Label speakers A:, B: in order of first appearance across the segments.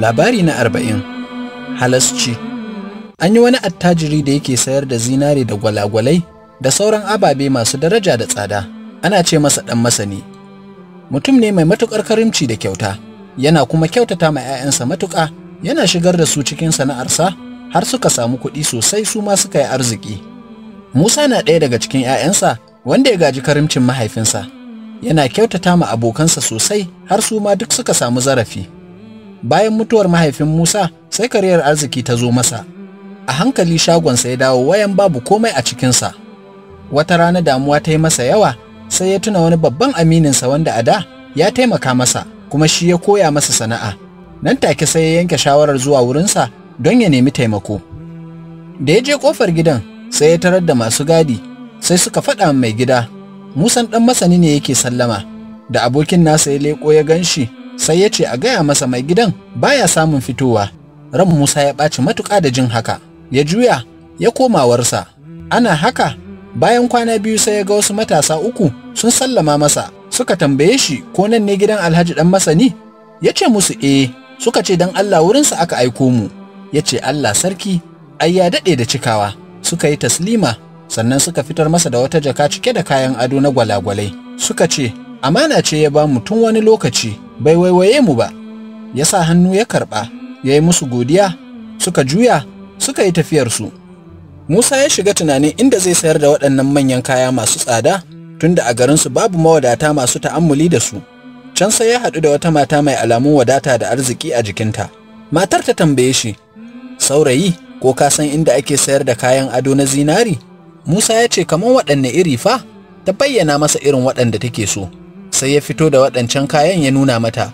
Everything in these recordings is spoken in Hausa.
A: Labari na arba'in halasci An yi wani attajiri da yake sayar da zinare da gwalagwalai da sauran ababe masu daraja da tsada. Ana ce masa ɗan masani. Mutum ne mai matuƙar karimci da kyauta, yana kuma kyautata ma 'ya'yansa matuƙa, yana shigar da su cikin sana'arsa har suka samu kuɗi sosai su ma suka yi arziki. Musa na ɗaya daga cikin 'ya'yansa wanda ya gaji karimcin mahaifinsa. yana kyautata ma abokansa sosai har su ma duk suka samu zarafi. Bayan mutuwar mahaifin Musa sai kariyar arziki ta zo masa. A hankali shagonsa ya dawo wayan babu komai a cikinsa. Wata rana damuwa ta yi masa yawa sai ya tuna wani babban amininsa wanda a da ya taimaka masa kuma shi ya koya masa sana'a. Nan take sai ya yanke shawarar zuwa wurinsa don ya nemi taimako. Da ya je kofar gidan sai ya tarar da masu gadi sai suka faɗa mai gida Musan ɗan masani ne yake sallama, da abokin nasa ya leƙo ya gan shi, sai ya ce a gaya masa mai gidan baya samun fitowa. Ran Musa ya ɓaci matuƙa da jin haka, ya juya, ya koma warsa. Ana haka, bayan kwana biyu sai ya ga wasu matasa uku sun sallama masa, suka tambaye shi ko nan ne gidan Alhaji ɗan masani? Ya ce musu eh, suka ce don Allah wurinsa aka aiko mu. Ya ce Allah sarki, ai ya daɗe da cikawa, suka yi taslima sannan suka fitar masa da wata jaka cike da kayan ado na gwalagwalai suka ce amana ce ya ba mu tun wani lokaci bai waiwaye mu ba ya sa hannu ya karɓa ya yi musu godiya suka juya suka yi tafiyarsu musa ya shiga tunanin inda zai sayar da waɗannan manyan kaya masu tsada tunda a garinsu babu mawadata masu ta'ammuli da su can sai ya haɗu da wata mata mai alamun wadata da arziki a jikinta matar ta tambaye shi saurayi ko ka san inda ake sayar da kayan ado na zinari Musa ya ce kamar waɗanne iri fa ta bayyana masa irin waɗanda take so sai ya fito da waɗancan kayan ya nuna mata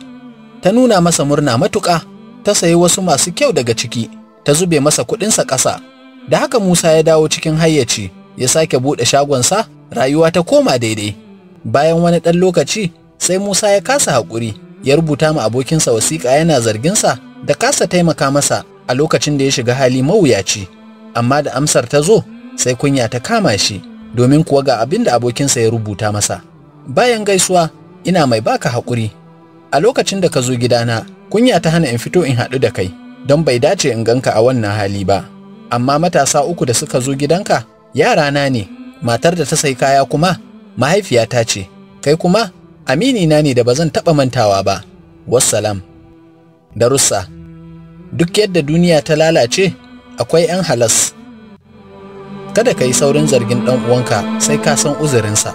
A: ta nuna masa murna matuƙa ta sayi wasu masu kyau daga ciki ta zube masa kuɗinsa ƙasa da haka Musa ya dawo cikin hayyaci ya sake buɗe shagonsa rayuwa ta koma daidai bayan wani ɗan lokaci sai Musa ya kasa haƙuri ya rubuta ma abokinsa wasiƙa yana zarginsa da kasa taimaka masa a lokacin da ya shiga hali mawuyaci amma da amsar ta zo sai kunya ta kama shi domin kuwa ga abin da abokinsa ya rubuta masa bayan gaisuwa ina mai baka haƙuri a lokacin da ka zo gidana kunya ta hana in fito in haɗu da kai don bai dace in ganka a wannan hali ba amma matasa uku da suka zo gidanka yarana ne matar da ta sai kaya kuma mahaifiyata ce kai kuma amini na ne da ba zan taɓa mantawa ba wassalam darussa duk yadda duniya ta lalace akwai 'yan halas kada ka yi saurin zargin ɗan uwanka sai ka san uzurinsa.